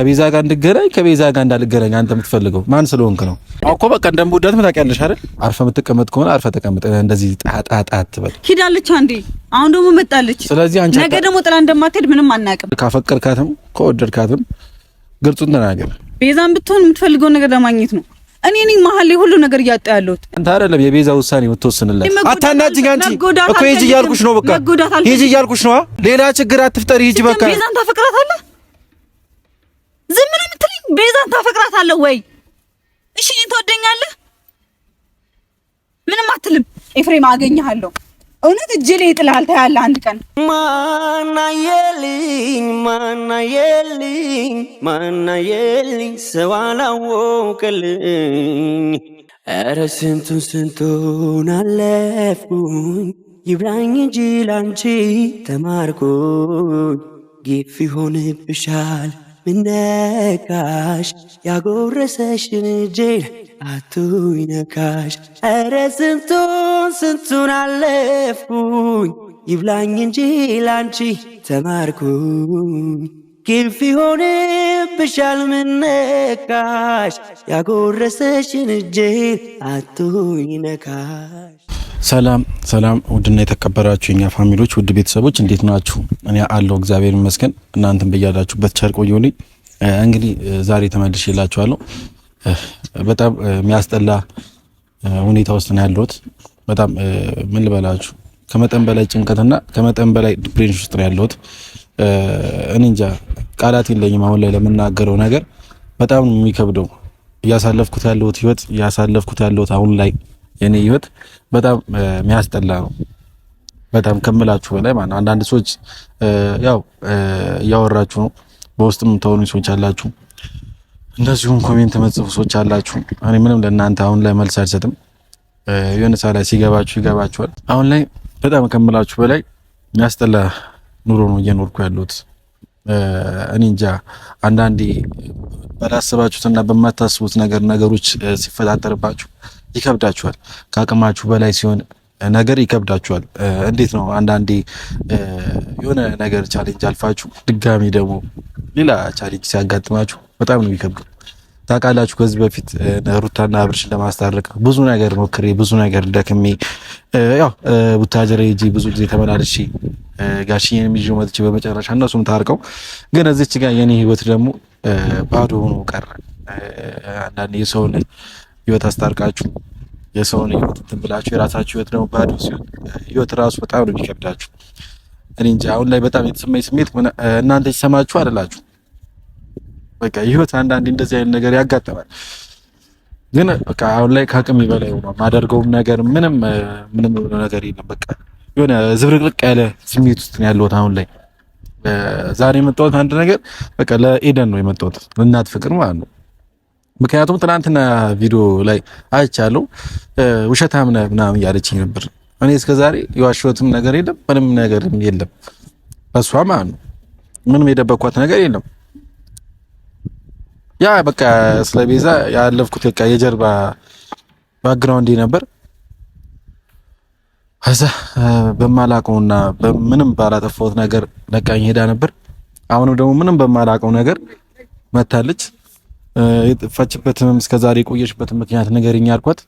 ከቤዛ ጋር እንድገናኝ ከቤዛ ጋር እንዳልገናኝ አንተ የምትፈልገው ማን ስለሆንክ ነው እኮ። በቃ እንደምወዳት ታውቂያለሽ አይደል? አርፈ የምትቀመጥ ከሆነ አርፈ ተቀመጥ። እንደዚህ ጣጣጣ ትበል። ሂዳለች አንዴ፣ አሁን ደግሞ መጣለች። ስለዚህ አንቺ ነገ ደግሞ ጥላ እንደማትሄድ ምንም አናውቅም። ካፈቀርካትም ከወደድካትም ግልጹን ተናገር። ቤዛን ብትሆን የምትፈልገውን ነገር ለማግኘት ነው። እኔ ነኝ መሀል ላይ ሁሉ ነገር እያጣ ያለሁት። አንተ አይደለም የቤዛ ውሳኔ የምትወስንለት አታናጅኝ። አንቺ እኮ ሂጂ እያልኩሽ ነው። በቃ ሂጂ እያልኩሽ ነው። ሌላ ችግር አትፍጠሪ። ሂጂ በቃ። ቤዛን ታፈቅራታለህ ዝም ነው የምትለኝ? ቤዛን ታፈቅራታለህ ወይ? እሺ እኔን ትወደኛለህ? ምንም አትልም። ኤፍሬም አገኘሃለሁ። እውነት እጅ ላይ ይጥልሃል። ታያለህ አንድ ቀን። ማናየልኝ ማናየልኝ ማናየልኝ ሰው አላወቅልኝ። ኧረ ስንቱን ስንቱን አለፍኩኝ። ይብላኝ እንጂ ላንቺ ተማርኩኝ። ግፍ ይሆንብሻል ምነካሽ ያጎረሰሽን እጄን አቱኝ ነካሽ። እረ ስንቱን ስንቱን አለፍኩኝ ይብላኝ እንጂ ላንቺ ተማርኩኝ። ግፍ ይሆንብሻል ምነካሽ ያጎረሰሽን እጄን አቱኝ ነካሽ ሰላም ሰላም፣ ውድና የተከበራችሁ የኛ ፋሚሊዎች ውድ ቤተሰቦች እንዴት ናችሁ? እኔ አለው እግዚአብሔር ይመስገን። እናንተም በያላችሁበት ቸር ቆዩልኝ። እንግዲህ ዛሬ ተመልሼላችኋለሁ። በጣም የሚያስጠላ ሁኔታ ውስጥ ነው ያለሁት። በጣም ምን ልበላችሁ፣ ከመጠን በላይ ጭንቀትና ከመጠን በላይ ዲፕሬሽን ውስጥ ነው ያለሁት። እኔ እንጃ ቃላት የለኝም አሁን ላይ ለምናገረው ነገር። በጣም የሚከብደው እያሳለፍኩት ያለሁት ህይወት እያሳለፍኩት ያለሁት አሁን ላይ የኔ ህይወት በጣም የሚያስጠላ ነው። በጣም ከምላችሁ በላይ ማለት አንዳንድ ሰዎች ያው እያወራችሁ ነው፣ በውስጥ የምታወሩኝ ሰዎች አላችሁ፣ እንደዚሁም ኮሜንት መጽፉ ሰዎች አላችሁ። እኔ ምንም ለእናንተ አሁን ላይ መልስ አልሰጥም። የሆነ ሰዓት ላይ ሲገባችሁ ይገባችኋል። አሁን ላይ በጣም ከምላችሁ በላይ የሚያስጠላ ኑሮ ነው እየኖርኩ ያሉት እኔ እንጃ አንዳንዴ ባላሰባችሁትና በማታስቡት ነገር ነገሮች ሲፈጣጠርባችሁ ይከብዳችኋል። ከአቅማችሁ በላይ ሲሆን ነገር ይከብዳችኋል። እንዴት ነው አንዳንዴ የሆነ ነገር ቻሌንጅ አልፋችሁ ድጋሚ ደግሞ ሌላ ቻሌንጅ ሲያጋጥማችሁ በጣም ነው የሚከብዱ። ታውቃላችሁ ከዚህ በፊት ሩታና አብርሽን ለማስታረቅ ብዙ ነገር ሞክሬ ብዙ ነገር ደክሜ ያው ቡታጀራ ሄጄ ብዙ ጊዜ ተመላልሼ ጋሽዬን ይዤ መጥቼ በመጨረሻ እነሱም ታርቀው፣ ግን እዚች ጋር የኔ ህይወት ደግሞ ባዶ ሆኖ ቀረ። አንዳንድ የሰውን ህይወት አስታርቃችሁ የሰውን ህይወት እንትን ብላችሁ የራሳችሁ ህይወት ደግሞ ባዶ ሲሆን ህይወት ራሱ በጣም ነው የሚከብዳችሁ። እኔ እንጂ አሁን ላይ በጣም የተሰማኝ ስሜት እናንተ ሲሰማችሁ አይደላችሁ። በቃ ህይወት አንዳንዴ እንደዚህ አይነት ነገር ያጋጠማል። ግን በቃ አሁን ላይ ከአቅም በላይ ሆኖ ማደርገውም ነገር ምንም ምንም ነገር የለም። በቃ የሆነ ዝብርቅርቅ ያለ ስሜት ውስጥ ነው ያለሁት አሁን ላይ። ዛሬ የመጣሁት አንድ ነገር በቃ ለኤደን ነው የመጣሁት፣ ለእናት ፍቅር ማለት ነው ምክንያቱም ትናንትና ቪዲዮ ላይ አይቻለሁ ውሸታም ነህ ምናምን እያለችኝ ነበር። እኔ እስከዛሬ የዋሸሁትም ነገር የለም ምንም ነገርም የለም። በሷ ማለት ነው ምንም የደበኳት ነገር የለም። ያ በቃ ስለ ቤዛ ያለፍኩት በቃ የጀርባ ባክግራውንድ ነበር። ከዛ በማላቀውና በምንም ባላጠፋሁት ነገር ለቃኝ ሄዳ ነበር። አሁንም ደግሞ ምንም በማላቀው ነገር መታለች። የጠፋችበትም እስከዛሬ የቆየሽበት ምክንያት ንገሪኝ አልኳት።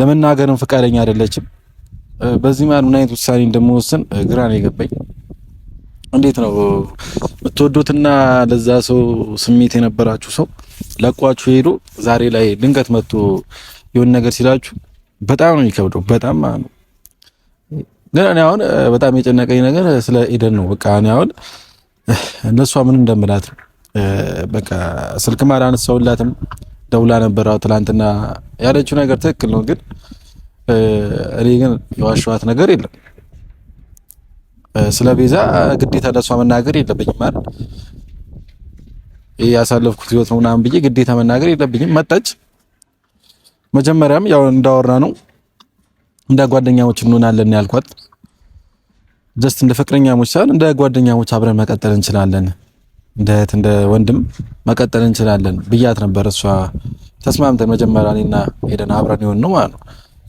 ለመናገርም ፈቃደኛ አይደለችም። በዚህ ማን ምን አይነት ውሳኔ እንደምወስን ግራ ነው የገባኝ። እንዴት ነው የምትወዱትና ለዛ ሰው ስሜት የነበራችሁ ሰው ለቋችሁ ሄዶ ዛሬ ላይ ድንገት መጥቶ የሆነ ነገር ሲላችሁ በጣም ነው የሚከብደው። በጣም ነው ግን እኔ አሁን በጣም የጨነቀኝ ነገር ስለ ኤደን ነው። በቃ እኔ አሁን ለእሷ ምን እንደምላት ነው በቃ ስልክም አላነሳሁላትም። ደውላ ነበር ትላንትና ያለችው ነገር ትክክል ነው፣ ግን እኔ ግን የዋሸኋት ነገር የለም። ስለ ቤዛ ግዴታ ለሷ መናገር የለብኝም ማለት ይሄ ያሳለፍኩት ህይወት ነው ምናምን ብዬ ግዴታ መናገር የለብኝም። መጣች። መጀመሪያም ያው እንዳወራ ነው እንደ ጓደኛሞች እንሆናለን ያልኳት ጀስት እንደ ፍቅረኛሞች ሳይሆን እንደ ጓደኛሞች አብረን መቀጠል እንችላለን እንደ እህት እንደ ወንድም መቀጠል እንችላለን ብያት ነበር። እሷ ተስማምተን መጀመሪያ እኔና ሄደን አብረን ይሆን ነው ማለት ነው።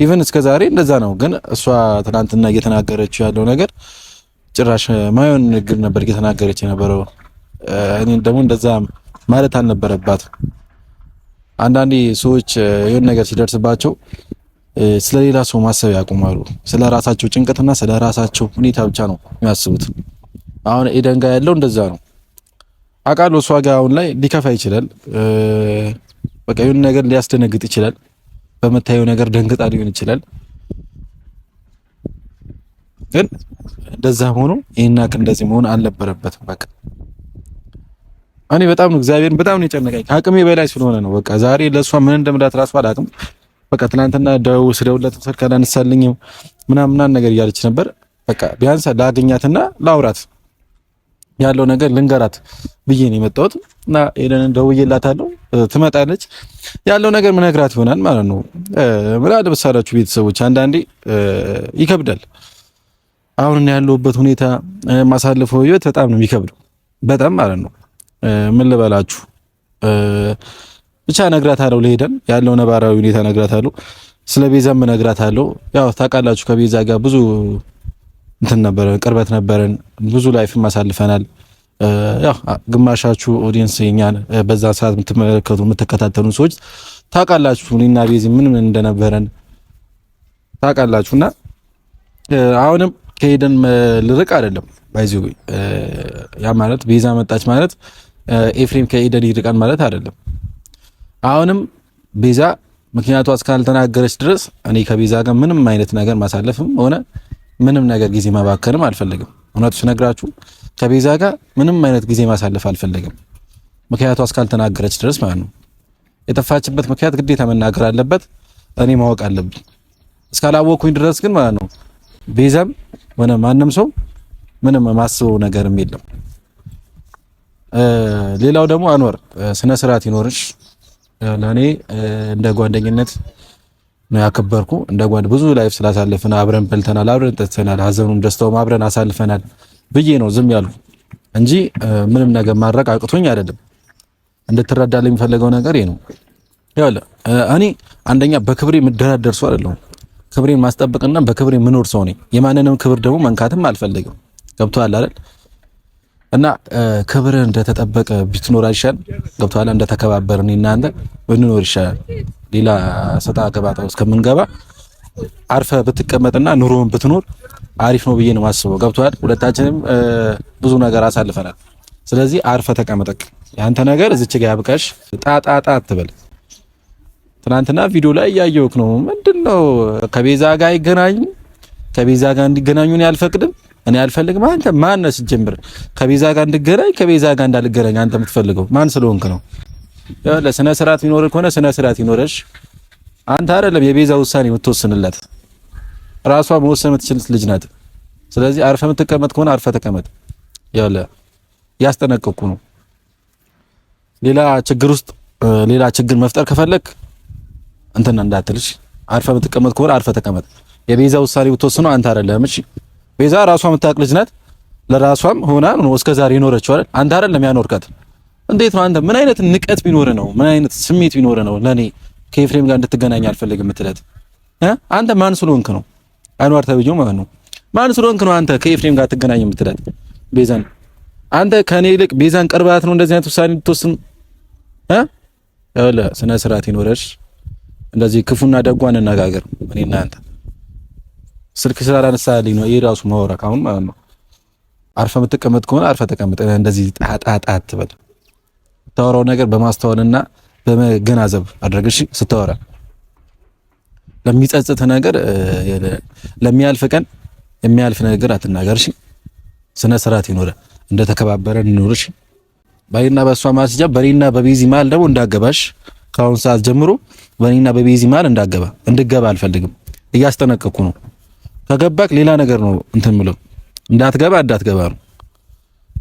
ኢቨን እስከ ዛሬ እንደዛ ነው። ግን እሷ ትናንትና እየተናገረችው ያለው ነገር ጭራሽ ማየውን ንግግር ነበር እየተናገረች የነበረው። እኔ ደግሞ እንደዛ ማለት አልነበረባትም። አንዳንዴ ሰዎች የሆነ ነገር ሲደርስባቸው ስለሌላ ሰው ማሰብ ያቆማሉ። ስለራሳቸው ጭንቀትና ስለራሳቸው ሁኔታ ብቻ ነው የሚያስቡት። አሁን ኤደን ጋ ያለው እንደዛ ነው። አውቃለሁ እሷ ጋር አሁን ላይ ሊከፋ ይችላል። በቃ ይሁን ነገር ሊያስደነግጥ ይችላል። በምታየው ነገር ደንግጣ ሊሆን ይችላል። ግን እንደዛ ሆኖ ይሄን ያክል እንደዚህ መሆን አልነበረበትም። በቃ እኔ በጣም ነው እግዚአብሔርን በጣም ነው የጨነቀኝ ከአቅሜ በላይ ስለሆነ ነው። በቃ ዛሬ ለእሷ ምን እንደምላት ራሱ አላውቅም። በቃ ትናንትና ደው ስደውላት ስልክ አላነሳልኝም ምናምን ምናምን ነገር እያለች ነበር። በቃ ቢያንስ ላገኛትና ላውራት ያለው ነገር ልንገራት ብዬ ነው የመጣሁት እና ኤደንን ደውዬላታለሁ ትመጣለች። ያለው ነገር ምነግራት ይሆናል ማለት ነው። ምላ ለምሳላችሁ ቤተሰቦች አንዳንዴ ይከብዳል። አሁን ያለሁበት ሁኔታ ማሳለፈው ህይወት በጣም ነው የሚከብደው፣ በጣም ማለት ነው። ምን ልበላችሁ ብቻ እነግራታለሁ፣ ለሄደን ያለው ነባራዊ ሁኔታ እነግራታለሁ፣ ስለ ቤዛም እነግራታለሁ። ያው ታውቃላችሁ ከቤዛ ጋር ብዙ እንትን ነበረን፣ ቅርበት ነበረን። ብዙ ላይፍም አሳልፈናል። ያው ግማሻችሁ ኦዲየንስ የኛን በዛ ሰዓት የምትመለከቱ የምትከታተሉ ሰዎች ታውቃላችሁ እኔና ቤዚ ምን ምን እንደነበረን ታውቃላችሁና አሁንም ከሄደን ልርቅ አይደለም ባይዚው ያ ማለት ቤዛ መጣች ማለት ኤፍሬም ከኤደን ይርቃን ማለት አይደለም። አሁንም ቤዛ ምክንያቱ እስካልተናገረች ድረስ እኔ ከቤዛ ጋር ምንም አይነት ነገር ማሳለፍም ሆነ ምንም ነገር ጊዜ ማባከንም አልፈልግም። እውነቱ ስነግራችሁ ከቤዛ ጋር ምንም አይነት ጊዜ ማሳለፍ አልፈልግም። ምክንያቱ እስካልተናገረች ድረስ ማለት ነው። የጠፋችበት ምክንያት ግዴታ መናገር አለበት፣ እኔ ማወቅ አለብኝ። እስካላወቅኩኝ ድረስ ግን ማለት ነው ቤዛም ሆነ ማንም ሰው ምንም ማስበው ነገርም የለም። ሌላው ደግሞ አኖር ስነ ስርዓት ይኖርሽ። ለእኔ እንደ ጓደኝነት ነው ያከበርኩ። እንደ ጓድ ብዙ ላይፍ ስላሳለፍን አብረን በልተናል፣ አብረን ጠጥተናል፣ ሀዘኑም ደስታውም አብረን አሳልፈናል ብዬ ነው ዝም ያልኩ እንጂ ምንም ነገር ማድረግ አቅቶኝ አይደለም። እንድትረዳልኝ የሚፈልገው ነገር ይሄ ነው። ያለ እኔ አንደኛ በክብሬ የምደራደር ሰው አይደለሁም። ክብሬን ማስጠበቅና በክብሬ ምኖር ሰው ነኝ። የማንንም ክብር ደግሞ መንካትም አልፈልግም። ገብቶሃል አይደል? እና ክብር እንደተጠበቀ ብትኖር ይሻል። ገብቶሃል? እንደተከባበርን እናንተ ብንኖር ይሻላል። ሌላ ሰጣ ገባታ ውስጥ ከምንገባ አርፈ ብትቀመጥና ኑሮን ብትኖር አሪፍ ነው ብዬ ነው ማስበው። ገብቷል። ሁለታችንም ብዙ ነገር አሳልፈናል። ስለዚህ አርፈ ተቀመጠቅ ያንተ ነገር እዚች ጋር ያብቃሽ። ጣጣጣ አትበል። ትናንትና ቪዲዮ ላይ እያየሁህ ነው። ምንድነው ከቤዛ ጋር ይገናኙ ከቤዛ ጋር እንዲገናኙ እኔ አልፈቅድም፣ እኔ አልፈልግም። አንተ ማን ነህ ሲጀምር ከቤዛ ጋር እንድገናኝ ከቤዛ ጋር እንዳልገናኝ አንተ የምትፈልገው ማን ስለሆንክ ነው? ለስነ ስርዓት ሚኖር ከሆነ ስነ ስርዓት ይኖረሽ። አንተ አይደለም የቤዛ ውሳኔ የምትወስንላት ራሷ መወሰን የምትችል ልጅ ናት። ስለዚህ አርፈ የምትቀመጥ ከሆነ አርፈ ተቀመጥ። ያለ ያስጠነቀቁ ነው። ሌላ ችግር ውስጥ ሌላ ችግር መፍጠር ከፈለክ እንትን እንዳትልሽ። አርፈ የምትቀመጥ ከሆነ አርፈ ተቀመጥ። የቤዛ ውሳኔ የምትወስነው አንተ አይደለም። እሺ ቤዛ ራሷ የምታውቅ ልጅ ናት። ለራሷም ሆና ነው እስከዛሬ ይኖረችዋል። አንተ አይደለም ያኖርካት። እንዴት ነው አንተ? ምን አይነት ንቀት ቢኖር ነው? ምን አይነት ስሜት ቢኖር ነው ለኔ ከኤፍሬም ጋር እንድትገናኝ አልፈልግም የምትለት? አንተ ማን ስለሆንክ ነው? አንዋር ተብዬው ማለት ነው። ማን ስለሆንክ ነው አንተ ከኤፍሬም ጋር ትገናኝ የምትለት? ቤዛን አንተ ከኔ ይልቅ ቤዛን ቅርባት ነው እንደዚህ አይነት ውሳኔ ልትወስን እ ወለ ስነ ስርዓት ይኖረሽ። እንደዚህ ክፉና ደጓን እንነጋገር። እኔና አንተ ስልክ ስላላነሳልኝ ነው ይሄ ራሱ ማወራክ አሁን ማለት ነው። አርፈ የምትቀመጥ ከሆነ አርፈ ተቀመጥ። እንደዚህ ጣጣጣ አትበል። የምታወራው ነገር በማስተዋልና በመገናዘብ አድርገሽ ስታወራ ለሚጸጽት ነገር ለሚያልፍ ቀን የሚያልፍ ነገር አትናገርሽ። ስነ ስርዓት ይኖረ እንደ ተከባበረ ይኖርሽ። በእኔና በእሷ ማስጃ ሲጃ በቤዚ መሀል ደግሞ እንዳገባሽ ከአሁን ሰዓት ጀምሮ በእኔና በቤዚ መሀል እንዳገባ እንድገባ አልፈልግም። እያስጠነቀቅኩ ነው። ከገባክ ሌላ ነገር ነው እንትን ምለው እንዳትገባ እንዳትገባ ነው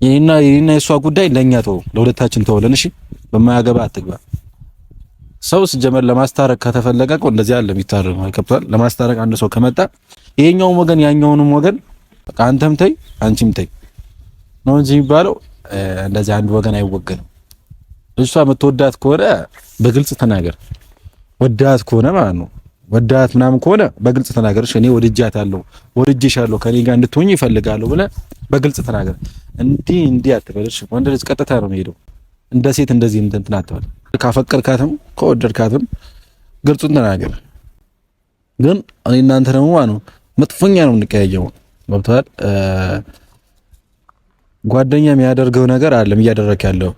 የኔና የኔና የሷ ጉዳይ ለኛ ተው፣ ለሁለታችን ተውለን። እሺ በማያገባ አትግባ። ሰው ሲጀመር ለማስታረቅ ከተፈለገ እኮ እንደዚህ አለ የሚታረቅ ይከብታል። ለማስታረቅ አንድ ሰው ከመጣ ይሄኛውም ወገን ያኛውንም ወገን በቃ አንተም ተይ አንቺም ተይ ነው እንጂ የሚባለው እንደዚህ አንድ ወገን አይወገንም። እሷ የምትወዳት ከሆነ በግልጽ ተናገር፣ ወዳት ከሆነ ማለት ነው ወዳት ምናምን ከሆነ በግልጽ ተናገር። ወድጃት አለው ወድጃታለሁ፣ አለው ከኔ ጋር እንድትሆኝ ይፈልጋለሁ ብለ በግልጽ ተናገር። እንዲህ እንዲህ አትበልሽ። እሺ ወንድ ልጅ ቀጥታ ነው የሚሄደው። እንደ ሴት እንደዚህ እንትን አትበል። ካፈቀርካትም ከወደድካትም ግልጹን ተናገር። ግን እኔ እናንተ ደግሞ ነው መጥፎኛ ነው የምንቀያየመው። ገብቶሃል? ጓደኛ የሚያደርገው ነገር አለም እያደረክ ያለው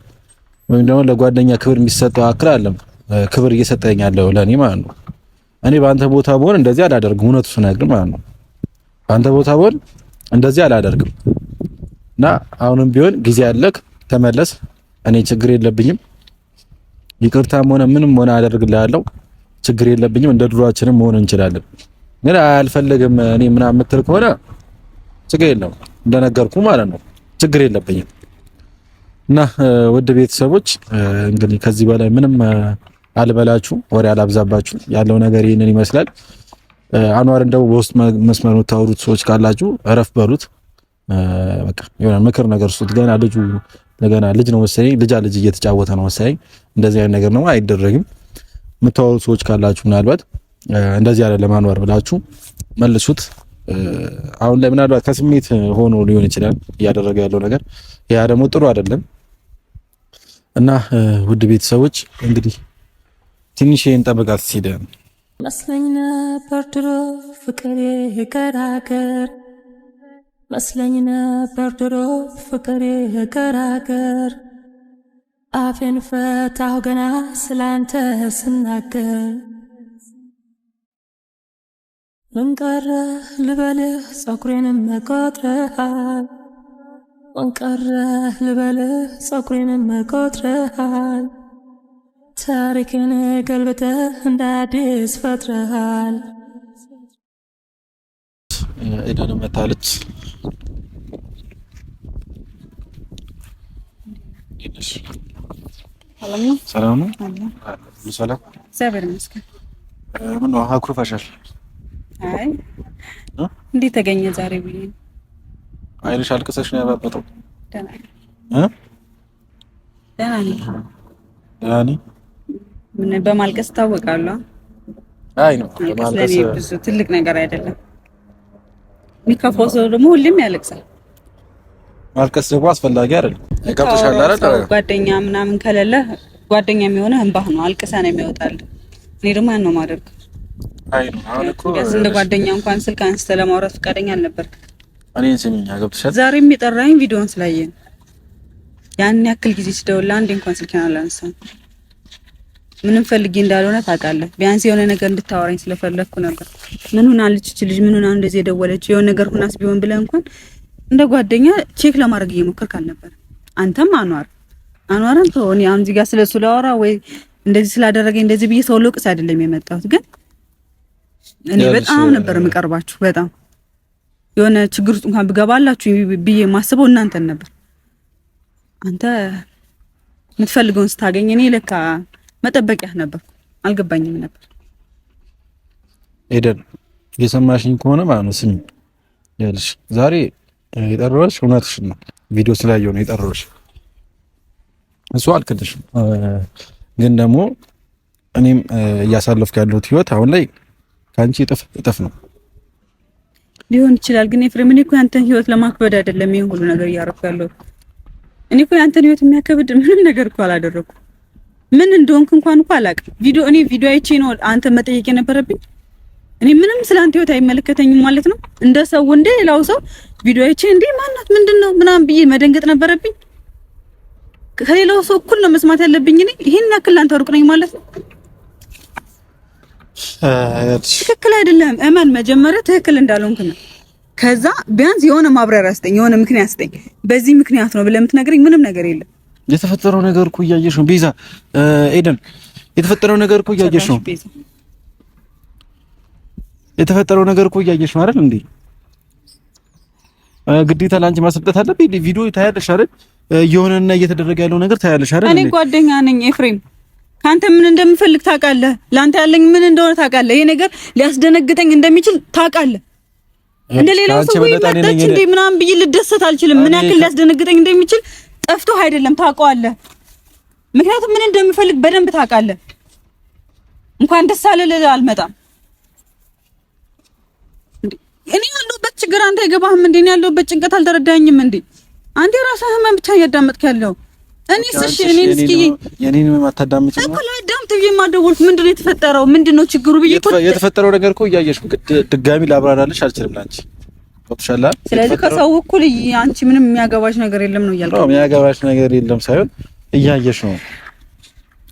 ወይም ደግሞ ለጓደኛ ክብር የሚሰጠው አክል አለም ክብር እየሰጠኝ ያለው ለእኔ ማለት ነው እኔ በአንተ ቦታ ብሆን እንደዚህ አላደርግም። እውነቱ ስነግር ማለት ነው። በአንተ ቦታ ብሆን እንደዚህ አላደርግም። እና አሁንም ቢሆን ጊዜ ያለክ ተመለስ። እኔ ችግር የለብኝም። ይቅርታም ሆነ ምንም ሆነ አደርግልሃለሁ። ችግር የለብኝም። እንደ ድሯችንም መሆን እንችላለን። ግን አልፈልግም እኔ ምናምን የምትል ከሆነ ችግር የለም፣ እንደነገርኩ ማለት ነው። ችግር የለብኝም። እና ውድ ቤተሰቦች እንግዲህ ከዚህ በላይ ምንም አልበላችሁ ወሬ አላብዛባችሁ። ያለው ነገር ይህንን ይመስላል። አንዋር እንደው በውስጥ መስመር የምታወሩት ሰዎች ካላችሁ እረፍ በሉት። በቃ የሆነ ምክር ነገር ሱት ገና ልጁ ለገና ልጅ ነው መሰለኝ፣ ልጃ ልጅ እየተጫወተ ነው መሰለኝ። እንደዚህ አይነት ነገር ነው አይደረግም። የምታወሩት ሰዎች ካላችሁ ምናልባት እንደዚህ አይደለም ለማንዋር ብላችሁ መልሱት። አሁን ላይ ምናልባት ከስሜት ሆኖ ሊሆን ይችላል እያደረገ ያለው ነገር፣ ያ ደግሞ ጥሩ አይደለም እና ውድ ቤተሰቦች እንግዲህ ትንሽ እንጠብቃት ሲደ መስለኝ ነበር ድሮ ፍቅሬ ከራከር መስለኝ ነበር ድሮ ፍቅሬ ከራከር አፌን ፈታሁ ገና ስላንተ ስናገር ምንቀረ ልበልህ ጸጉሬንም መቆጥረሃል ምንቀረ ልበልህ ጸጉሬንም መቆጥረሃል ታሪክን ገልብተህ እንደ አዲስ ፈጥረሃል። ኤደን መታለች። ሰላም ነው። ሰላም፣ እግዚአብሔር ይመስገን። ምን ነው አኩርፈሻል? አይ እንዴት ተገኘ ዛሬ ብዬ አይንሽ አልቅሰሽ ነው ያባበጠው። ደህና ነኝ፣ ደህና ነኝ በማልቀስ ታወቃሉ። አይ ነው በማልቀስ ብዙ ትልቅ ነገር አይደለም። የሚከፋው ሰው ደግሞ ሁሌም ያለቅሳል። ማልቀስ ደግሞ አስፈላጊ አይደለም። ገብቶሻል አይደል? ጓደኛ ምናምን ከሌለ ጓደኛ የሚሆነ እንባህ ነው፣ አልቅሳ ነው የሚወጣል። እኔ ደግሞ ያን ነው ማደርገው። አይ ነው አሁን እኮ እንደ ጓደኛ እንኳን ስልክ አንስተ ለማውራት ፈቃደኛ አልነበርክም። እኔን ስሚኝ፣ ገብቶሻል? ዛሬ የሚጠራኝ ቪዲዮን ስላየን ያን ያክል ጊዜ ሲደውል አንዴ እንኳን ስልክ አላነሳም። ምንም ፈልጌ እንዳልሆነ ታውቃለህ። ቢያንስ የሆነ ነገር እንድታወራኝ ስለፈለግኩ ነበር። ምን ሆና አለች ልጅ ምን ሆና እንደዚህ የደወለች የሆነ ነገር ሁናስ ቢሆን ብለህ እንኳን እንደ ጓደኛ ቼክ ለማድረግ እየሞከርክ አልነበር? አንተም አኗር አኗርም ተሆን አሁን እዚህ ጋር ስለሱ ላወራ ወይ እንደዚህ ስላደረገኝ እንደዚህ ብዬ ሰው ልውቅስ አይደለም የመጣሁት። ግን እኔ በጣም ነበር የምቀርባችሁ። በጣም የሆነ ችግር ውስጥ እንኳን ብገባላችሁ ብዬ ማስበው እናንተን ነበር። አንተ የምትፈልገውን ስታገኝ እኔ ለካ መጠበቂያ ነበር። አልገባኝም ነበር ኤደን። የሰማሽኝ ከሆነ ማለት ነው ስሚ፣ ይኸውልሽ ዛሬ የጠራሁሽ እውነትሽን ነው። ቪዲዮ ስላየሁ ነው የጠራሁሽ። እሱ አልክልሽም፣ ግን ደግሞ እኔም እያሳለፍኩ ያለሁት ህይወት አሁን ላይ ከአንቺ እጥፍ እጥፍ ነው ሊሆን ይችላል። ግን ኤፍሬም፣ እኔ እኮ ያንተን ህይወት ለማክበድ አይደለም ይሄን ሁሉ ነገር እያረኩ ያለሁት። እኔ እኮ ያንተን ህይወት የሚያከብድ ምንም ነገር እኮ አላደረኩም። ምን እንደሆንክ እንኳን እኮ አላውቅም። ቪዲዮ እኔ ቪዲዮ አይቼ ነው አንተ መጠየቅ የነበረብኝ። እኔ ምንም አንተ ህይወት አይመለከተኝም ማለት ነው። እንደ ሰው እንደ ሌላው ሰው ቪዲዮ አይቼ እንዴ ማናት ምንድነው ምናምን ብዬ መደንገጥ ነበረብኝ። ከሌላው ሰው እኩል ነው መስማት ያለብኝ። እኔ ይሄን ያክል ላንተ ሩቅ ነኝ ማለት ነው። ትክክል አይደለም። እመን መጀመሪያ ትክክል እንዳልሆንክ ነው። ከዛ ቢያንስ የሆነ ማብራሪያ ስጠኝ፣ የሆነ ምክንያት ስጠኝ። በዚህ ምክንያት ነው ብለህ የምትነግረኝ ምንም ነገር የለም። የተፈጠረው ነገር እኮ እያየሽ ነው ቤዛ። ኤደን የተፈጠረው ነገር እኮ እያየሽ ነው። የተፈጠረው ነገር እኮ እያየሽ ነው አይደል እንዴ? ግዴታ ለአንቺ ማስረዳት አለብኝ። ቪዲዮ ታያለሽ አይደል? እየሆነና እየተደረገ ያለው ነገር ታያለሽ አይደል? እኔ ጓደኛ ነኝ ኤፍሬም ካንተ ምን እንደምፈልግ ታውቃለህ። ለአንተ ያለኝ ምን እንደሆነ ታውቃለህ። ይሄ ነገር ሊያስደነግጠኝ እንደሚችል ታውቃለህ። እንደ ሌላው ሰው ወይ መጣች እንዴ ምናምን ብዬ ልደሰት አልችልም። ምን ያክል ሊያስደነግጠኝ እንደሚችል ጠፍቶ አይደለም ታውቀዋለህ። ምክንያቱም ምን እንደምፈልግ በደንብ ታውቃለህ። እንኳን ደስ አለ ልልህ አልመጣም። እኔ ያለሁበት ችግር አንተ አይገባህም እንዴ? እኔ ያለሁበት ጭንቀት አልተረዳኝም እንዴ? አንዴ ራስህ ህመም ብቻ እያዳመጥክ ያለው እኔስ እሺ፣ እኔን እስኪ የኔን ምን የማታዳምጪ ነው እኮ ለዳምጥ ብዬ የማደወልኩት ምንድነው የተፈጠረው? ምንድነው ችግሩ ብዬ እኮ የተፈጠረው ነገር እኮ እያየሽ ድጋሚ ላብራራልሽ አልችልም ላንቺ ተሻላል። ስለዚህ ከሰው እኩል አንቺ ምንም የሚያገባሽ ነገር የለም ነው እያልኩ ነው። የሚያገባሽ ነገር የለም ሳይሆን እያየሽ ነው።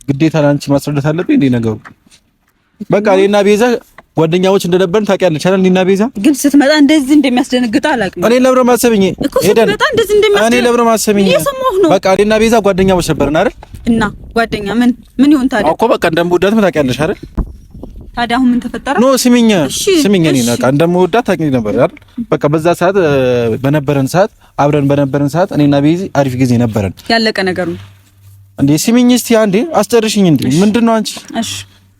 ግዴታ ለአንቺ ማስረዳት አለብኝ እንዴ ነገሩ። በቃ እኔና ቤዛ ጓደኛዎች እንደነበርን ታውቂያለሽ አይደል? እኔና ቤዛ ግን ስትመጣ እንደዚህ እንደሚያስደነግጥ አላውቅም። እኔ ለብረ ማሰብኝ ሄደን እኔ ለብረ ማሰብኝ በቃ እኔና ቤዛ ጓደኛዎች ነበርን አይደል? እና ጓደኛ ምን ምን ይሁን ታዲያ እኮ በቃ እንደምወዳት ታውቂያለሽ አይደል? ታዲያ አሁን ምን ተፈጠረ? ኖ ስሚኝ ስሚኝ፣ እኔ በቃ እንደምወዳት ታውቂ ነበር አይደል? በቃ በዛ ሰዓት በነበረን ሰዓት አብረን በነበረን ሰዓት እኔና ቤዚ አሪፍ ጊዜ ነበረን። ያለቀ ነገር ነው እንዴ? ስሚኝ እስቲ አንዴ አስጨርሽኝ እንዴ! ምንድነው አንቺ? እሺ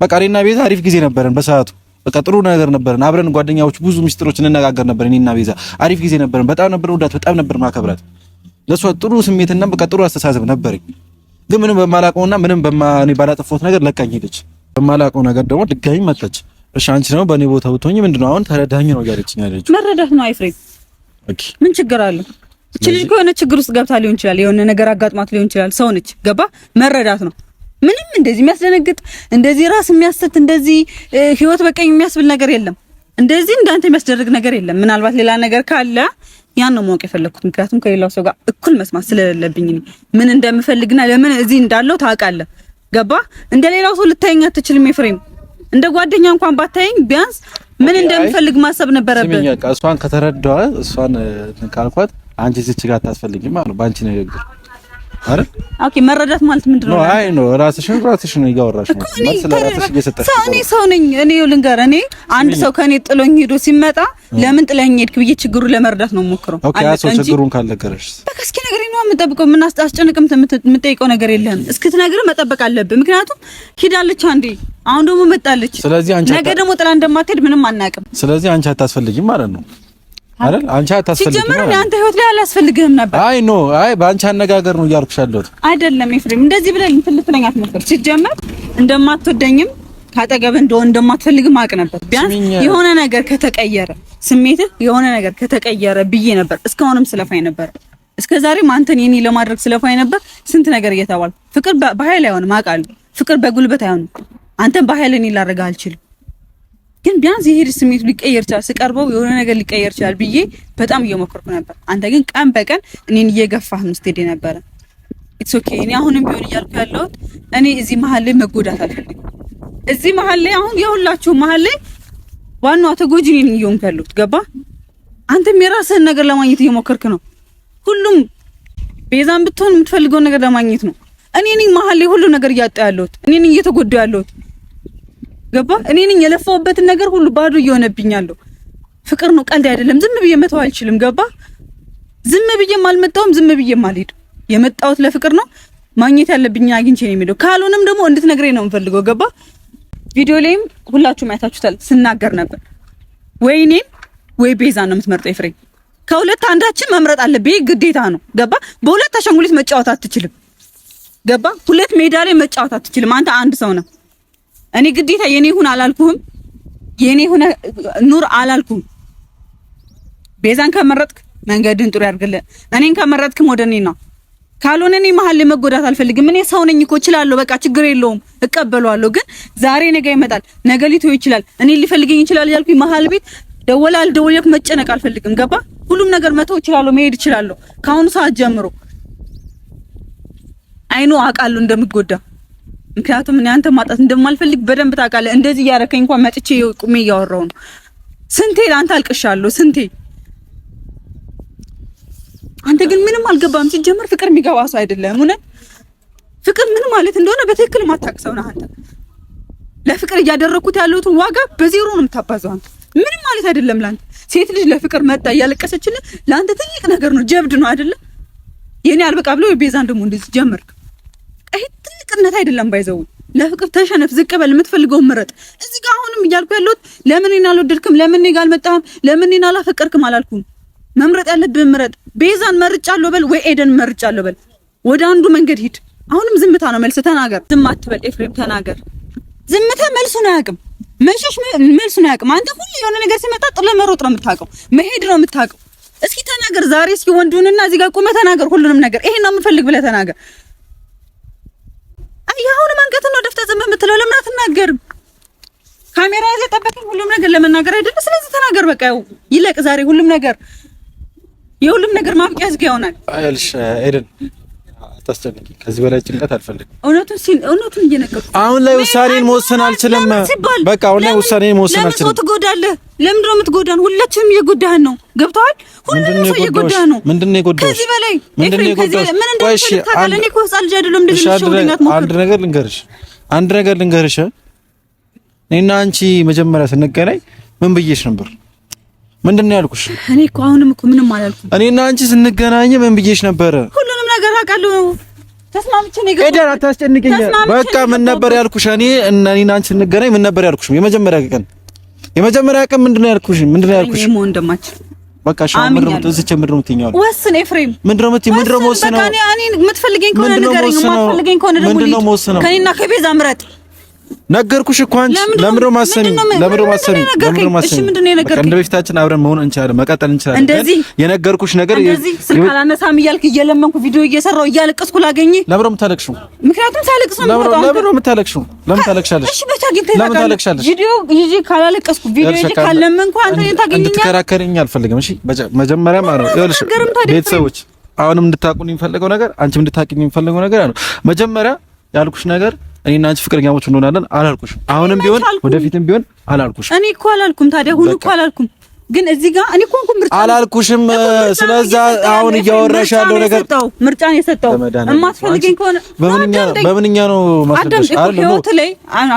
በቃ እኔና ቤዛ አሪፍ ጊዜ ነበረን በሰዓቱ በቃ ጥሩ ነገር ነበረን። አብረን ጓደኛዎች ብዙ ሚስጥሮች እንነጋገር ነበር። እኔና ቤዛ አሪፍ ጊዜ ነበረን። በጣም ነበር ወዳት፣ በጣም ነበር ማከብራት። ለሷ ጥሩ ስሜትና በቃ ጥሩ አስተሳሰብ ነበረኝ። ግን ምንም በማላውቀውና ምንም በማኔ ባላጠፋሁት ነገር ለቃኝ ሄደች። በማላውቀው ነገር ደግሞ ድጋሚ መጣች። እሺ አንቺ ደግሞ በእኔ ቦታ ብትሆኚ ምንድን ነው አሁን ተረዳኝ ነው እያለችኝ ያለችው። መረዳት ነው አይፍሬም። ኦኬ ምን ችግር አለ? እቺ ልጅ ከሆነ ችግር ውስጥ ገብታ ሊሆን ይችላል፣ የሆነ ነገር አጋጥሟት ሊሆን ይችላል። ሰው ነች፣ ገባ መረዳት ነው። ምንም እንደዚህ የሚያስደነግጥ እንደዚህ ራስ የሚያስት እንደዚህ ህይወት በቀኝ የሚያስብል ነገር የለም። እንደዚህ እንዳንተ የሚያስደርግ ነገር የለም። ምናልባት ሌላ ነገር ካለ ያን ነው ማወቅ የፈለግኩት። ምክንያቱም ከሌላው ሰው ጋር እኩል መስማት ስለሌለብኝ ምን እንደምፈልግና ለምን እዚህ እንዳለው ታውቃለህ። ገባ። እንደ ሌላው ሰው ልታየኝ አትችልም ኤፍሬም። እንደ ጓደኛ እንኳን ባታየኝ ቢያንስ ምን እንደምፈልግ ማሰብ ነበረብህ። እሷን ከተረዳዋ እሷን ካልኳት አንቺ እዚች ጋር አታስፈልጊም አሉ በአንቺ ንግግር መረዳት ማለት ምንድን ነው? እኔ አንድ ሰው ከኔ ጥሎኝ ሄዶ ሲመጣ ለምን ጥለኝ ሄድክ ብዬ ችግሩን ለመረዳት ነው ሞክረው። ኦኬ አሶ ችግሩን ነገር የለም እስክትነግር መጠበቅ አለብህ። ምክንያቱም ሂዳለች አንዴ፣ አሁን ደግሞ መጣለች። ስለዚህ አንቺ ነገ ደግሞ ጥላ እንደማትሄድ ምንም አናውቅም። ስለዚህ አንቺ አታስፈልጊም ማለት ነው አይደል አንቺ አታስፈልግም። ሲጀመር አንተ ህይወት ላይ አላስፈልግህም ነበር። አይ ኖ አይ በአንቺ አነጋገር ነው እያልኩሽ ያለሁት። አይደለም ኤፍሬም፣ እንደዚህ ብለህ ልትለኝ ነበር። ሲጀመር እንደማትወደኝም ካጠገብህ እንደሆነ እንደማትፈልግም አውቅ ነበር። ቢያንስ የሆነ ነገር ከተቀየረ ስሜትህ የሆነ ነገር ከተቀየረ ብዬ ነበር። እስካሁንም ስለፋኝ ነበር። እስከዛሬም አንተን የኔ ለማድረግ ስለፋኝ ነበር። ስንት ነገር እየተባለ ፍቅር በኃይል አይሆንም አውቃለሁ። ፍቅር በጉልበት አይሆንም። አንተን በኃይል እኔ ላደርግህ አልችልም። ግን ቢያንስ የሄድ ስሜቱ ሊቀየር ይችላል፣ ስቀርበው የሆነ ነገር ሊቀየር ይችላል ብዬ በጣም እየሞከርኩ ነበር። አንተ ግን ቀን በቀን እኔን እየገፋህ ነው ስትሄድ ነበረ። ኢትስ ኦኬ። እኔ አሁንም ቢሆን እያልኩ ያለሁት እኔ እዚህ መሀል ላይ መጎዳት አልፈልግም። እዚህ መሀል ላይ አሁን የሁላችሁ መሀል ላይ ዋናዋ ተጎጂ እኔን እየሆንኩ ያለሁት ገባ። አንተም የራስህን ነገር ለማግኘት እየሞከርክ ነው። ሁሉም ቤዛን ብትሆን የምትፈልገውን ነገር ለማግኘት ነው። እኔ ነኝ መሀል ላይ ሁሉ ነገር እያጣሁ ያለሁት። እኔን እየተጎዳ እየተጎዳሁ ያለሁት። ገባ እኔ ነኝ የለፋሁበትን ነገር ሁሉ ባዶ እየሆነብኛለሁ። ፍቅር ነው፣ ቀልድ አይደለም። ዝም ብዬ መተው አልችልም። ገባ ዝም ብዬም አልመጣሁም፣ ዝም ብዬም አልሄድም። የመጣሁት ለፍቅር ነው። ማግኘት ያለብኝ አግኝቼ ነው የሚሄደው። ካልሆነም ደግሞ እንድትነግረኝ ነው የምፈልገው። ገባ ቪዲዮ ላይም ሁላችሁም አይታችሁታል ስናገር ነበር። ወይ እኔን ወይ ቤዛ ነው የምትመርጠው ኤፍሬም። ከሁለት አንዳችን መምረጥ አለብኝ፣ ግዴታ ነው። ገባ በሁለት አሻንጉሊት መጫወት አትችልም። ገባ ሁለት ሜዳ ላይ መጫወት አትችልም። አንተ አንድ ሰው ነው እኔ ግዴታ የኔ ሁን አላልኩህም፣ የኔ ሁን ኑር አላልኩም። ቤዛን ከመረጥክ መንገድን ጥሩ ያድርግልን። እኔን ከመረጥክም ወደ እኔ ነው። ካልሆነ እኔ መሀል መጎዳት አልፈልግም። እኔ ሰው ነኝ እኮ እችላለሁ። በቃ ችግር የለውም እቀበለዋለሁ። ግን ዛሬ ነገ ይመጣል፣ ነገ ሊቶ ይችላል፣ እኔ ሊፈልገኝ ይችላል ያልኩኝ መሀል ቤት ደወላ አልደወለልክ መጨነቅ አልፈልግም። ገባ? ሁሉም ነገር መተው እችላለሁ፣ መሄድ እችላለሁ። ከአሁኑ ሰዓት ጀምሮ አይኑ አውቃለሁ እንደምጎዳ ምክንያቱም እኔ አንተ ማጣት እንደማልፈልግ በደንብ ታውቃለህ። እንደዚህ እያደረከኝ እንኳን መጥቼ ቁሜ እያወራሁ ነው። ስንቴ ለአንተ አልቅሻለሁ ስንቴ። አንተ ግን ምንም አልገባም። ሲጀመር ፍቅር የሚገባ ሰው አይደለም። እውነት ፍቅር ምን ማለት እንደሆነ በትክክል ማታውቅ ሰው ነህ አንተ። ለፍቅር እያደረኩት ያለሁትን ዋጋ በዜሮ ነው የምታባዘው አንተ። ምንም ማለት አይደለም ለአንተ። ሴት ልጅ ለፍቅር መጣ እያለቀሰችልህ ለአንተ ትልቅ ነገር ነው፣ ጀብድ ነው አይደለም። የኔ አልበቃ ብሎ ቤዛን ደግሞ እንደዚህ ጀመርክ ትልቅነት አይደለም ባይዘው ለፍቅር ተሸነፍ፣ ዝቅ በል፣ የምትፈልገውን ምረጥ። እዚህ ጋር አሁንም እያልኩ ያለሁት ለምን እኔን አልወደድክም፣ ለምን እኔ ጋር አልመጣህም፣ ለምን እኔን አላፈቀርክም አላልኩም። መምረጥ ያለብህን ምረጥ። ቤዛን መርጫለሁ በል ወይ ኤደን መርጫለሁ በል። ወደ አንዱ መንገድ ሂድ። አሁንም ዝምታ ነው መልስ። ተናገር፣ ዝም አትበል ኤፍሬም፣ ተናገር። ዝምታ መልሱን አያውቅም፣ መሸሽ መልሱን አያውቅም። አንተ ሁሉ የሆነ ነገር ሲመጣ ጥለ መሮጥ ነው የምታውቀው፣ መሄድ ነው የምታውቀው። እስኪ ተናገር ዛሬ፣ እስኪ ወንዱንና እዚህ ጋር ቁመህ ተናገር ሁሉንም ነገር። ይሄን ነው የምፈልግ ብለህ ተናገር። የአሁንም መንገት ነው ደፍተህ ዝም የምትለው ለምን አትናገርም? ካሜራ ያዘ የጠበቀኝ ሁሉም ነገር ለመናገር አይደለም። ስለዚህ ተናገር በቃ ይለቅ። ዛሬ ሁሉም ነገር የሁሉም ነገር ማብቂያ እዚህ ይሆናል። አይልሽ አይደል አታስጨንቂ። ከዚህ በላይ ጭንቀት አልፈልግም። እውነቱን ሲል እውነቱን እየነገርኩህ አሁን ላይ ውሳኔን መወሰን አልችልም። በቃ አሁን ላይ ውሳኔን መወሰን አልችልም። ለምን ሰው ትጎዳለህ? ለምንድን ነው የምትጎዳን? ሁላችንም እየጎዳህን ነው። ገብቶሃል? ሁሉንም ሰው እየጎዳህ ነው። ምንድን ነው የጎዳሁሽ? ከዚህ በላይ ምን እንደምትልህ ታውቃለህ? እኔ እኮ ህፃን ልጅ አይደለሁም። እንደዚህ አንድ ነገር ልንገርሽ፣ አንድ ነገር ልንገርሽ። እኔና አንቺ መጀመሪያ ስንገናኝ ምን ብዬሽ ነበር? ምንድን ነው ያልኩሽ? እኔ እኮ አሁንም እኮ ምንም አላልኩም። እኔና አንቺ ስንገናኝ ምን ብዬሽ ነበር? አውቃለሁ። ነው ኤደን አታስጨንቅኝ። በቃ ምን ነበር ያልኩሽ? እኔ እና እኔና አንቺ እንገናኝ ምን ነበር ያልኩሽ? የመጀመሪያ ቀን የመጀመሪያ ቀን ምንድን ነው ያልኩሽ? ምንድን ነው ያልኩሽ? በቃ ምንድን ነው እዚህ ነው ወስን ኤፍሬም፣ ምንድን ነው የምትይኝ? ምንድን ነው የምወስነው? በቃ እኔ የምትፈልገኝ ከሆነ ንገረኝ፣ የማትፈልገኝ ከሆነ ደግሞ ልሂድ። ከእኔና ከቤዛ ምረጥ ነገርኩሽ እኮ አንቺ ለምን ነው ማሰሚ ለምን ነው ማሰሚ ለምን ነው የነገርኩሽ? እንደ በፊታችን አብረን መሆን እንችላለን፣ መቀጠል እንችላለን። እንደዚህ የነገርኩሽ ነገር እንደዚህ ስልክ አላነሳም እያልክ እየለመንኩ ቪዲዮ እየሰራው እያለቀስኩ ላገኘ ለምን ነው የምታለቅሽው? ምክንያቱም ታለቅስ ነው። ለምን ነው የምታለቅሽው? ለምን ታለቅሻለሽ? እሺ ብቻ ግን ታለቅሻለሽ። ቪዲዮ ይዤ ካላለቀስኩ ቪዲዮ ይዤ ካለመንኩ አንተ ነው ታገኘኛለህ። እንድትከራከሪኝ አልፈልግም። እሺ መጀመሪያ ማለት ነው ይኸውልሽ፣ ቤተሰቦች አሁንም እንድታቁኝ የምፈልገው ነገር አንቺም እንድታቂኝ የምፈልገው ነገር ነው መጀመሪያ ያልኩሽ ነገር እኔ እና አንቺ ፍቅረኛሞች እንሆናለን አላልኩሽም። አሁንም ቢሆን ወደፊትም ቢሆን አላልኩሽም። እኔ እኮ አላልኩም። ታዲያ ሁሉ እኮ አላልኩም። ግን እዚህ ጋር እኔ እኮ እንኳን ምርጫ አላልኩሽም። ስለዛ አሁን እያወራሽ ያለው ነገር ምርጫን የሰጠው የማትፈልገኝ ከሆነ በምንኛ ነው በምንኛ ነው ማስደምሽ? አይደል ህይወት ላይ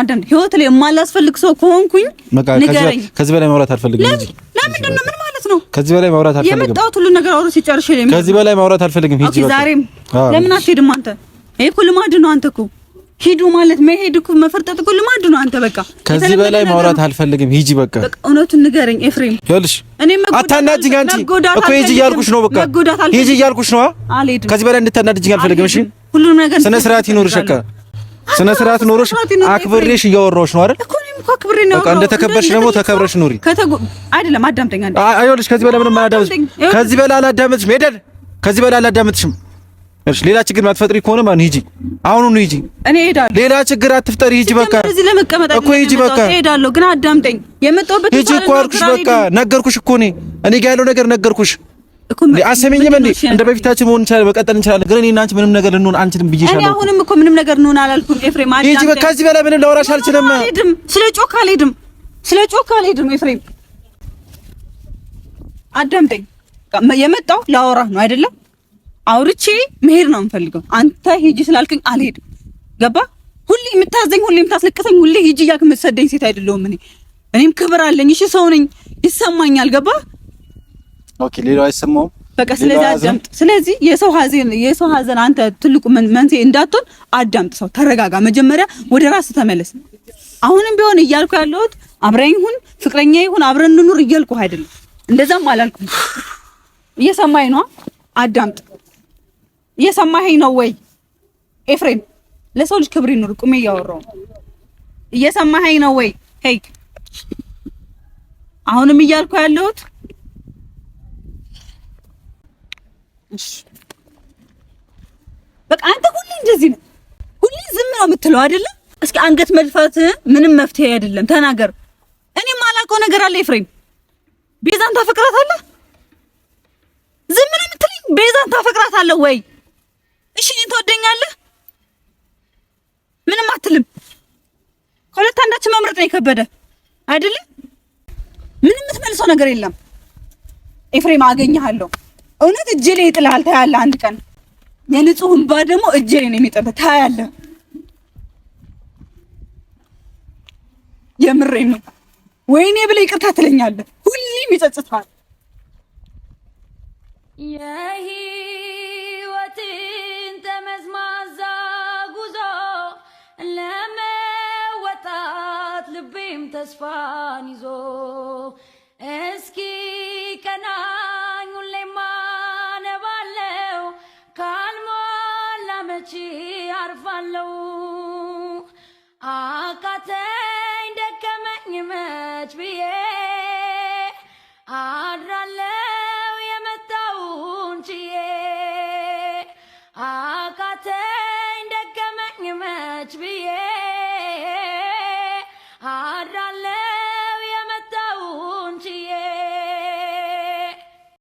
አንደም ህይወት ላይ የማላስፈልግ ሰው ከሆንኩኝ ንገረኝ። ከዚህ በላይ ማውራት አልፈልግም። ለምንድን ነው ምን ማለት ነው? ከዚህ በላይ ማውራት አልፈልግም። የመጣሁት ሁሉ ነገር አውሮ ሲጨርሽ ከዚህ በላይ ማውራት አልፈልግም። ሂጂ። ዛሬም ለምን አትሄድም አንተ? ይሄ እኮ ልማድ ነው አንተ እኮ ሂዱ ማለት መሄድ እኮ መፈርጠጥ እኮ ልማድ ነው። አንተ በቃ ከዚህ በላይ ማውራት አልፈልግም። ሂጂ በቃ በቃ እውነቱን ንገረኝ ኤፍሬም። ይኸውልሽ አታናጅኝ። አንቺ እኮ ሂጂ እያልኩሽ ነው። በቃ ሂጂ እያልኩሽ ነው። ከዚህ በላይ እንድታናድጅኝ አልፈልግም። እሺ ሁሉ ነገር ስነ ስርዓት ይኖርሽ። በቃ ስነ ስርዓት ኖሮሽ አክብሬሽ እያወራሁሽ ነው አይደል? እኮ አክብሬ ነው። በቃ እንደተከበርሽ ደግሞ ተከብረሽ ኑሪ። አይደለም አዳምጠኝ። ከዚህ በላይ ምንም አላዳምጥሽም። ከዚህ በላይ አላዳምጥሽም። እሺ፣ ሌላ ችግር ማትፈጥሪ ከሆነ ማን ሂጂ፣ አሁኑ ነው ሂጂ። እኔ እሄዳለሁ። ሌላ ችግር አትፍጠሪ፣ ሂጂ። በቃ እዚህ ለመቀመጥ እኮ ሂጂ፣ በቃ እሄዳለሁ። ግን አዳምጠኝ፣ የመጣሁበት ሂጂ እኮ አልኩሽ። በቃ ነገርኩሽ እኮ እኔ እኔ ጋር ያለው ነገር ነገርኩሽ። አሰሚኝም እንዴ እንደ በፊታችን መሆን እንችላለን፣ መቀጠል እንችላለን። ግን እኔና አንቺ ምንም ነገር ልንሆን አንችልም ብዬሻለሁ። እኔ አሁንም እኮ ምንም ነገር ልንሆን አላልኩም ኤፍሬም። ሂጂ በቃ። እዚህ በላይ ምንም ላወራሽ አልችልም። ስለ ጮክ አልሄድም፣ ስለ ጮክ አልሄድም። ኤፍሬም አዳምጠኝ፣ የመጣው ላወራህ ነው አይደለም አውርቼ መሄድ ነው የምፈልገው። አንተ ሂጂ ስላልከኝ አልሄድም። ገባ? ሁሌ የምታዘኝ፣ ሁሌ የምታስለቅሰኝ፣ ሁሌ ሂጂ እያልክ የምትሰደኝ ሴት አይደለሁም እኔ። እኔም ክብር አለኝ። እሺ ሰው ነኝ፣ ይሰማኛል። ገባ? ኦኬ። ሌላው አይሰማውም። በቃ ስለዚህ አዳምጥ። ስለዚህ የሰው ሀዘን የሰው ሀዘን አንተ ትልቁ መንስኤ እንዳትሆን አዳምጥ። ሰው ተረጋጋ። መጀመሪያ ወደ ራስ ተመለስ። አሁንም ቢሆን እያልኩ ያለሁት አብረኝ ሁን፣ ፍቅረኛ ይሁን፣ አብረን እንኑር እያልኩ አይደለም። እንደዛም አላልኩም። እየሰማኝ ነው። አዳምጥ እየሰማኸኝ ነው ወይ ኤፍሬም? ለሰው ልጅ ክብር ይኑር። ቁሜ እያወራሁ እየሰማኸኝ ነው ወይ? ሄይ አሁንም እያልኩ ያለሁት በቃ አንተ ሁሌ እንደዚህ ነው፣ ሁሌ ዝም ነው የምትለው አይደለም። እስኪ አንገት መድፋት ምንም መፍትሄ አይደለም። ተናገር። እኔ ማላውቀው ነገር አለ ኤፍሬም። ቤዛን ታፈቅራታለህ? ዝም ነው የምትለኝ? ቤዛን ታፈቅራታለህ ወይ? እሺኝ ትወደኛለህ? ምንም አትልም። ከሁለት አንዳችን መምረጥ ነው የከበደ አይደለም ምንም የምትመልሰው ነገር የለም። ኤፍሬም አገኘሃለሁ። እውነት እጄ ላይ ይጥልሃል። ታያለህ አንድ ቀን የንጹህ እንባ ደግሞ እጄ ላይ ነው የሚጠብህ። ታያለህ። የምሬ ነው። ወይኔ ብለህ ይቅርታ ትለኛለህ። ሁሌም ይጸጽታል። የህይወቴ ጠመዝማዛ ጉዞ ለመወጣት ልቤም ተስፋን ይዞ እስኪ ቀናኝ ሁሌም አነባለው ካልሞላ መቼ አርፋለው አቃተኝ ደከመኝ መች ብዬ